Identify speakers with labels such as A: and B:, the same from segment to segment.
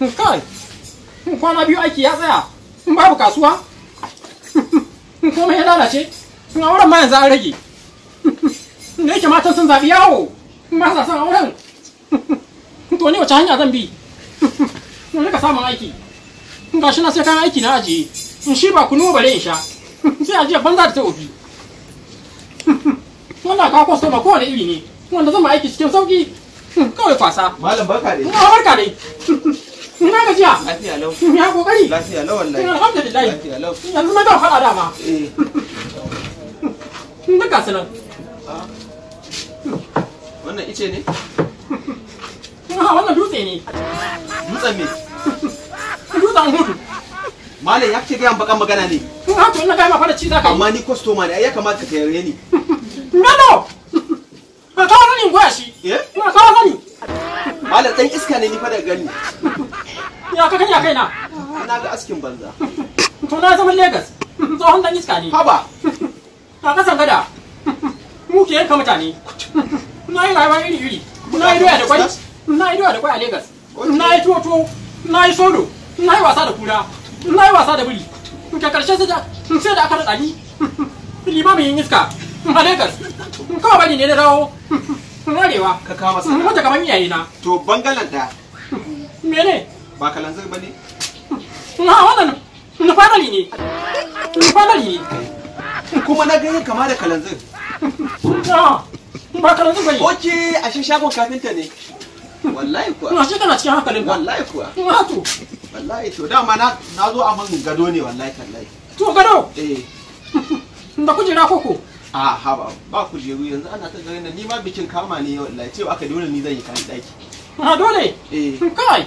A: kai kwana biyu aiki ya tsaya babu kasuwa komai ya lalace a auren ma yanzu an rage da yake matan sun zaɓi yawo ba sa son auren to ne wace hanya zan bi wani ka samun aiki ga shi na sai kan aiki na ajiye in shi ba kunu bare in sha sai ajiye banza da ta obi wannan ka ma kowane iri ne wanda zan ma aiki cikin sauki kawai kwasa malam barka dai kuma barka dai in ka gajiya lafiya lau ya kokari lafiya lau wallahi alhamdulillah lafiya lau yanzu ma da faɗa dama eh duka sanan ah. wannan ice ne ah, wannan dutse ne dutsen me dutsen hutu. Malam ya ce gayan bakan magana ne. In haka ah, ina gaya fara ci zaka. Amma ni kwastoma ne, ai ya kamata ka tayare ni. Nano! Ka kawo ni goya shi. eh ka sani malam dan iska ne ni fa daga gani ya ka kanya kaina na ga askin banza to na zama Lagos tsohon dan iska ne haba a kasan gada mu ke yanka mutane na yi rayuwa iri iri na yi doya da kwai na yi doya da kwai a Lagos na yi tuwo na yi solo na yi wasa da kura na yi wasa da biri ka karshe sai da sai da aka rada ni limamin iska a Lagos kawai bani ne da dawo Warewa. Ka kawo masa. Mata kamar iyaye na. To bangalan da. Mene? Ba kalanzir ba ne? Na wannan na fanali ne. Na fanali ne. Kuma na gani kama da kalanzir. Ba kalanzir ba ne. a ashe shagon kafinta ne. Wallahi kuwa. Ashe kana cikin hankalin ka. Wallahi kuwa. Wato. Wallahi to dama na na zo a man gado ne wallahi tallahi. To gado. Eh. Da kujera koko. a haba ba ku jeru yanzu ana ta garin da ni ma bikin kama ne wallahi cewa aka dole ni zan yi kayan daki ha ah, dole eh kai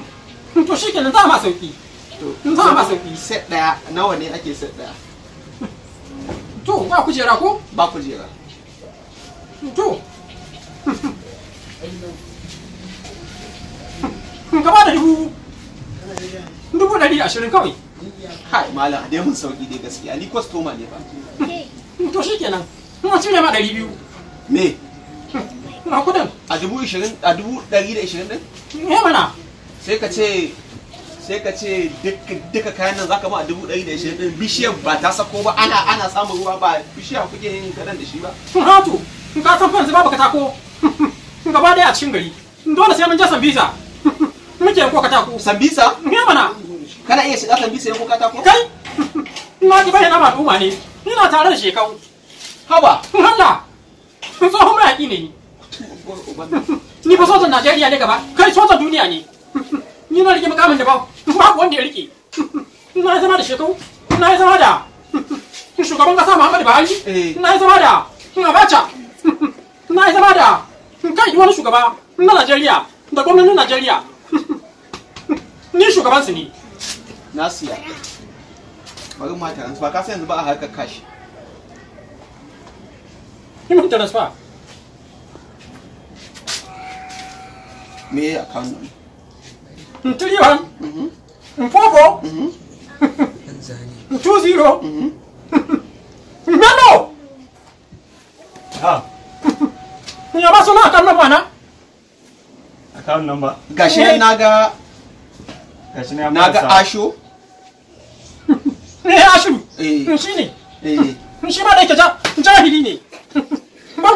A: to shikenan za ma sauki to za ma sauki set daya nawa ne ake set daya to ba ku jera ko ba ku jera to ka ba da dubu dubu dari ashirin kawai kai malam a dai mun sauki dai gaskiya ni kwastoma ne ba to shi kenan kuma cire ma ɗari biyu me na kudin a dubu ishirin a dubu ɗari da ishirin ɗin me eh, mana sai ka ce sai ka ce duka kayan nan zaka ma a dubu ɗari da ishirin ɗin bishiyar ba ta sako ba ana ana samun ruwa ba bishiya kuke yin kaɗan da shi ba ha to ka san fansu babu katako gaba ɗaya a cikin gari dole sai mun je sambisa muke ko katako sambisa me eh, mana kana iya shiga sambisa ko katako kai na ji bayyana ma al'umma ne na tare da shekau haba Allah tsohon mayaƙi ne ni Ni ba sojan Najeriya ne gaba kai so sojan duniya ne ni na rike makamin da ba babu wanda ya rike na yi zama da shekau na yi zama da shugaban kasa Muhammadu Buhari na yi zama da Abacha na yi zama da kai wani shugaba na Najeriya da gwamnatin Najeriya ni shugabansu ne nasiya bari ma transfer ka san yanzu ba a harkar cash yi transfer me ya account number three one mm four four mm two zero ha mm-hmm. ah. ya ba suna account number na account number gashi na eh. ga gashi na ga asho ne ya shiru eh shi ne eh shi ma da yake jahili ne ban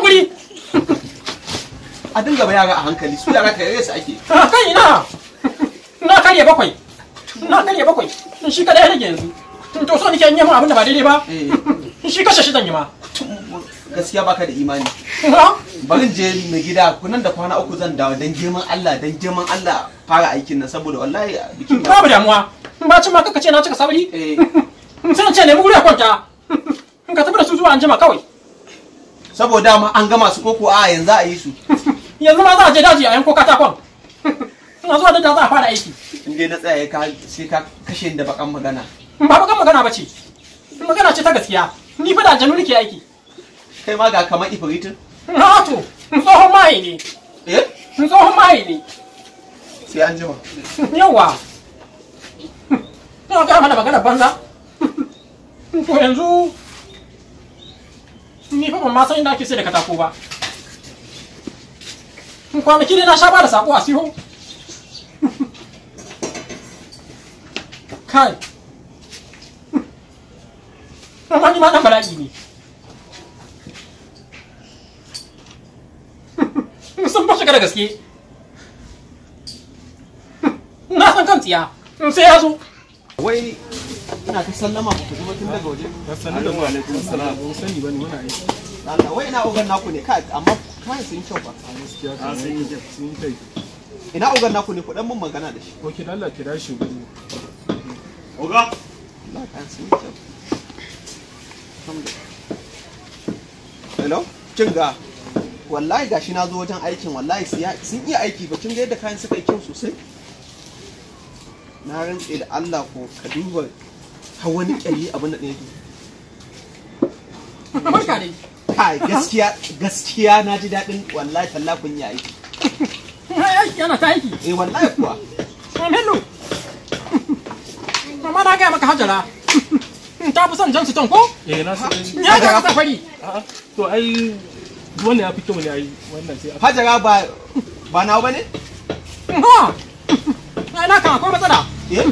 A: a dinga ba yara a hankali su yara kare su ake kai ina na karye bakwai na karye bakwai shi kada ya rage yanzu to so nake yin yamma abin ba daidai ba shi kashe shi zan yi ma gaskiya baka da imani barin je mai gida kunan da kwana uku zan dawo dan girman Allah dan girman Allah fara aikin nan saboda wallahi bikin babu damuwa ba ci ma kaka ce na cika sabari sai ce nemi guri a kwanta in ka tafi da su zuwa an jima kawai saboda ma an gama su koko a yanzu a yi su yanzu ma za a je daji a yanko katakon ina zuwa da za a fara aiki in dai na ka sai ka kashe da bakan magana ba bakan magana ba ce magana ce ta gaskiya ni fa da aljanu nake aiki kai ma ga kamar ifiritin na to tsohon maye ne eh tsohon maye ne sai an jima yawa Ina ga mana magana banza Nko yanzu ni ko ma sai inda ake sai da katako ba an kire na sha da sako a siho kai amma ni ma dan bala'i ne sun fashe da gaske na san kan tsiya sai ya zo wai ina ta sallama ku kuma tun daga waje sannu da ne alaikum salam ba sani bane muna aiki Allah wai ina ogan naku ne kai amma kuma sun kyau ba gaskiya ka ah, sun yi sun kai ina ogan naku ne ku dan mun magana da shi ko ki Allah kira shi gudu oga Allah kan sun kyau hello kin wallahi gashi na zo wajen aikin wallahi sun iya aiki ba kin ga yadda kayan suka yi kyau sosai na rantse da Allah ko ka duba har wani kyalli abin ɗaya barka gaskiya gaskiya na ji daɗin wallahi talla kun yi aiki eh, eh, ta aiki eh wallahi kuwa eh, na gaya maka hajara ta fi son jan ko na san ya fari to ai wannan ya ne ai wannan sai hajara ba ba na kan akwai matsala eh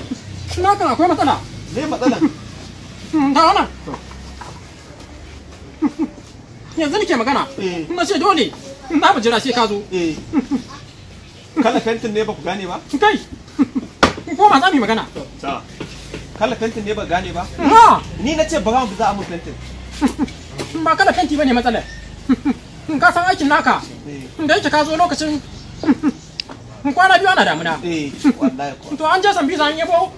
A: ne matsala. da wannan yanzu nake magana eh. na ce dole za mu jira sai ka zo eh. kala fentin ne ba ku gane ba kai ko ma za mu yi magana kala fentin ne ba gane ba ni na ce ba za a mu fentin ba kala fenti ba ne matsalar ka san aikin naka eh. da yake ka zo lokacin kwana biyu ana damuna to an je san biza an yabo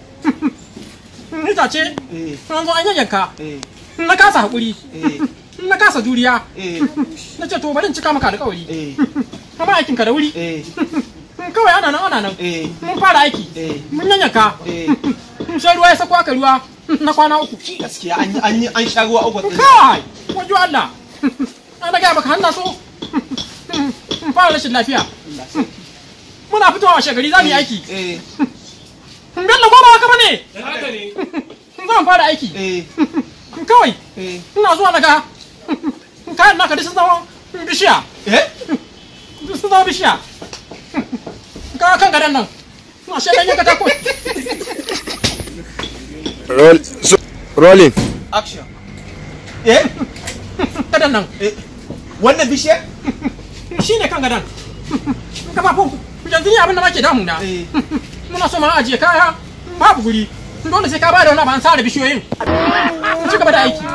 A: n'i ita ce an eh. zo an yayyanka eh. na kasa hakuri eh. na kasa juriya na ce to bari in cika maka alƙawari kuma ka da wuri kawai ana nan ana nan mun fara aiki mun yayyanka sai ruwa ya sako aka ruwa na kwana uku gaskiya an yi an sha ruwa uku kai wajo Allah ana ga baka hanna so fara rashin lafiya muna fitowa shagari za mu yi aiki Bello goma ne zan fara aiki eh. kawai eh. ina zuwa daga kayan naka sun zama bishiya eh? sun zama bishiya ka kan gadon nan na shi ɗanyen katako rolling action eh gadon nan wannan bishiya shi ne kan gadon kafafun yanzu ne abin da ma ke damuna muna so ma ajiye kaya babu guri dole sai ka bada wani abu an sare bishiyoyin ci gaba da aiki